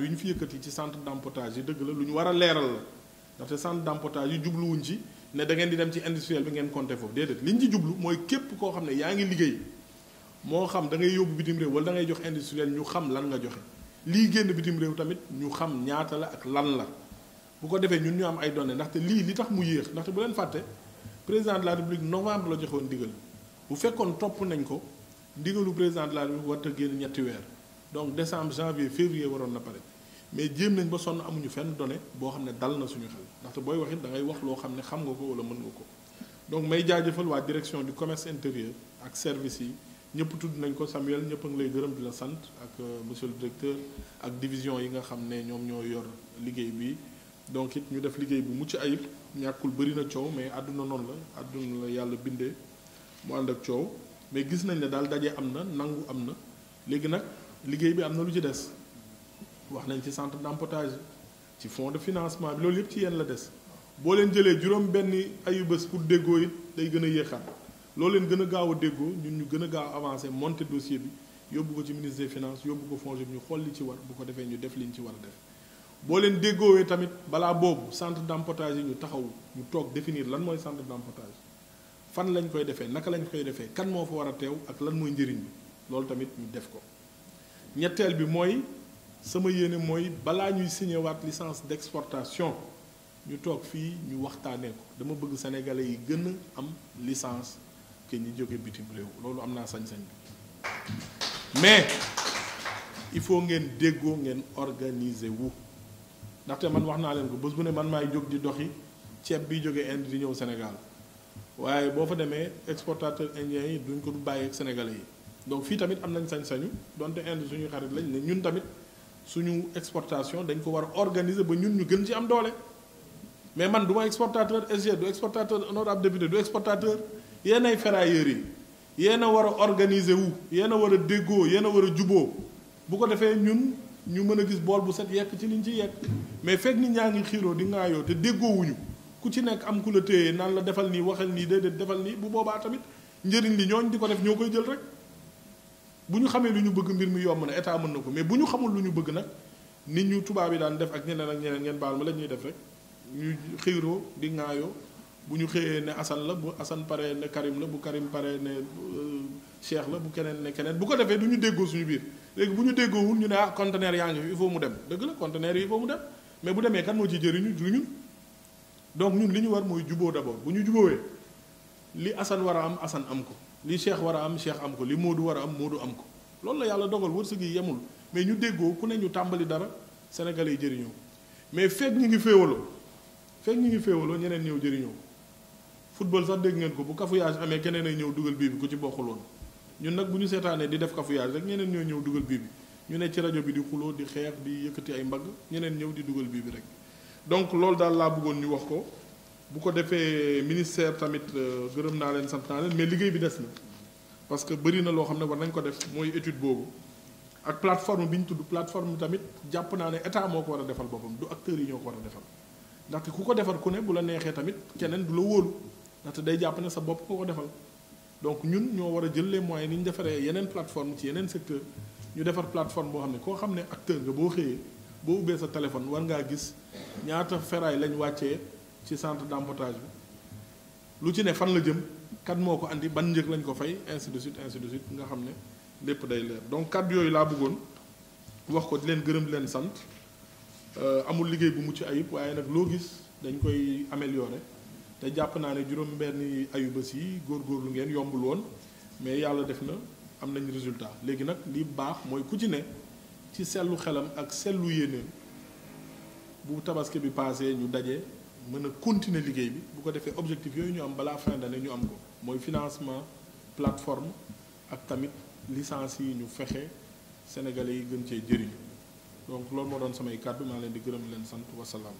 yu ñu fi yi ci centre d'empotage yi dëgg la lu ñu war a leeral la ndaxte centre d'empotage yi jubluwuñ ci ne da di dem ci industriel bi ngeen compter foofu déedéet li ñu ci jublu mooy képp koo xam ne yaa ngi liggéey moo xam da ngay yóbbu bitim réew wala da ngay jox industriel ñu xam lan nga joxe lii génn bitim réew tamit ñu xam ñaata la ak lan la bu ko defee ñun ñu am ay données ndaxte lii li tax mu yéex ndaxte bu leen fàtte président de la république novembre la joxoon ndigal bu fekkoon topp nañ ko ndigalu président de la république war a ñetti weer donc décembre janvier février waroon na paré mais djem nañ ba sonn amuñu fenn donné bo xamné ne dal na suñu xel ndax booy wax it da ngay wax lo xamné ne xam nga ko wala mën nga ko donc may jaajëfal wa direction du commerce intérieur ak service yi ñëpp tudd nañ ko Samuel ñëpp a ngi lay gërëm di la sant ak euh, monsieur le directeur ak division yi nga xam ne ñoom ñoo yor liggéey bi donc it ñu def liggéey bu mucc ayib ñàkkul bëri na coow mais àdduna noonu la àdduna la yàlla bindee mu ànd ak coow mais gis nañ ne daal daje am na nangu am na léegi nag liggéey bi am na lu ci des wax nañ ci centre d'empotage ci fonds de financement bi loolu yëpp ci yéen la des boo leen jëlee juróom benn ayu bés pour déggoo it day gën a yéexaat loolu leen gën a gaaw a déggoo ñun ñu gën a gaaw avancé monter dossier bi yóbbu ko ci ministre des finances yóbbu ko fonds bi ñu xool li ci war bu ko defee ñu def li ñu ci war a def boo leen déggoowee tamit balaa boobu centre d'empotage yi ñu taxaw ñu toog définir lan mooy centre d'empotage fan lañ koy defee naka lañ koy defee kan moo fa war a teew ak lan mooy njëriñ bi loolu tamit ñu def ko ñetteel bi moy sama yene moy bala ñuy signé waat licence d'exportation ñu tok fi ñu waxtaanee ko dama bëgg sénégalais yi gën am licence ke ñi joggé bitim réew lolu amna sañ-sañ mais il faut ngeen déggo ngeen organiser wu ndaxte man wax naa leen ko bés bu ne man maay jóg di doxi ceeb bi jóge Inde di ñëw Sénégal waaye boo fa demee exportateur indien yi duñ ko du bàyyi ak sénégalais yi donc fi tamit am nañ sañ-sañu donte indi suñu xarit lañ ne ñun tamit suñu exportation dañ ko war organiser ba ñun ñu gën ci am doole mais man duma exportateur SG du exportateur honorable député du exportateur yéen ay ferrailleurs yi yéen a war a organiser wu yéen a war a déggoo yéen a war a juboo bu ko defee ñun ñu mën a gis bool bu set yekk ci liñ ci yekk mais fekk nit ñaa ngi xiiroo di ŋaayoo te wuñu ku ci nekk am ku la téye naan la defal nii waxal nii déedéet defal nii bu boobaa tamit njëriñ li ñooñ di ko def ñoo koy jël rek bu ñu xamee lu ñu bëgg mbir mi yomb na état mën na ko mais bu ñu xamul lu ñu bëgg nag nit ñu tubaab yi daan def ak ñeneen ak ñeneen ngeen baal ma la ñuy def rek ñu xiiroo di ŋaayoo bu ñu xëyee ne Assane la bu Assane paree ne Karim la bu Karim paree ne euh, Cheikh la bu keneen ne keneen bu ko defee du ñu déggoo suñu biir léegi bu ñu déggoowul ñu ne ah conteneur yaa ngi fi il faut mu dem dëgg la conteneur yi il faut mu dem mais bu demee kan moo ci jëriñu du ñun donc ñun li ñu war mooy juboo d'abord bu ñu juboowee li Assane war a am Assane am ko li Cheikh war a am Cheikh am ko li du war a am Moodu am ko loolu la yàlla dogal wërsëg yi yemul mais ñu déggoo ku ne ñu tàmbali dara sénégalais yi jëriñoo mais fekk ñu ngi féewaloo fekk ñu ngi féewaloo ñeneen ñëw jëriñoo football sax dégg ngeen ko bu cafouillage amee keneen ay ñëw dugal bii bi ku ci bokkuloon ñun nag bu ñu seetaanee di def cafouillage rek ñeneen ñoo ñëw dugal bii bi ñu ne ci rajo bi di xuloo di xeex di yëkkati ay mbagg ñeneen ñëw di dugal bii bi rek donc loolu daal laa bëggoon ñu wax ko bu ko defee ministère tamit euh, gërëm na leen sant naa leen mais liggéey bi des na parce que bëri na loo xam ne war nañ ko def mooy étude boobu ak plateforme bi ñu tudd plateforme tamit jàpp naa ne état moo ko war a defal boppam du acteurs yi ñoo ko war a defal ndaxte ku ko defar ku ne bu la neexee tamit keneen du la wóolu ndaxte day jàpp ne sa bopp ko ko defal donc ñun ñoo war a jël les moyens ni ñu defaree yeneen plateforme ci yeneen secteur ñu defar plateforme boo xam ne koo xam ne acteur nga boo xëyee boo ubbee sa téléphone war ngaa gis ñaata ferraille lañ wàccee ci centre d'empotage bi lu ci ne fan la jëm kat moo ko andi ban njëg lañ ko fay ainsi de suite ainsi de suite nga xam ne lépp day leer donc kàddu yooyu laa bëggoon wax ko di leen gërëm leen sant euh, amul liggéey bu mucc ayib waaye nag loo gis dañ koy améliorer te jàpp naa ne juróom benni ayubés góor góorlu ngeen yombul woon mais yàlla def na am nañ résultat léegi nag li baax mooy ku ci ne ci sellu xelam ak sellu yéeneen bu tabaski bi paasee ñu daje. mën a continuer liggéey bi bu ko defee objectif yooyu ñu am balaa fin d'année ñu am ko mooy financement plateforme ak tamit licence yi ñu fexe sénégalais yi gën cee jëriñu donc loolu moo doon samay kàddu maa leen di gërëm leen sant wasalaam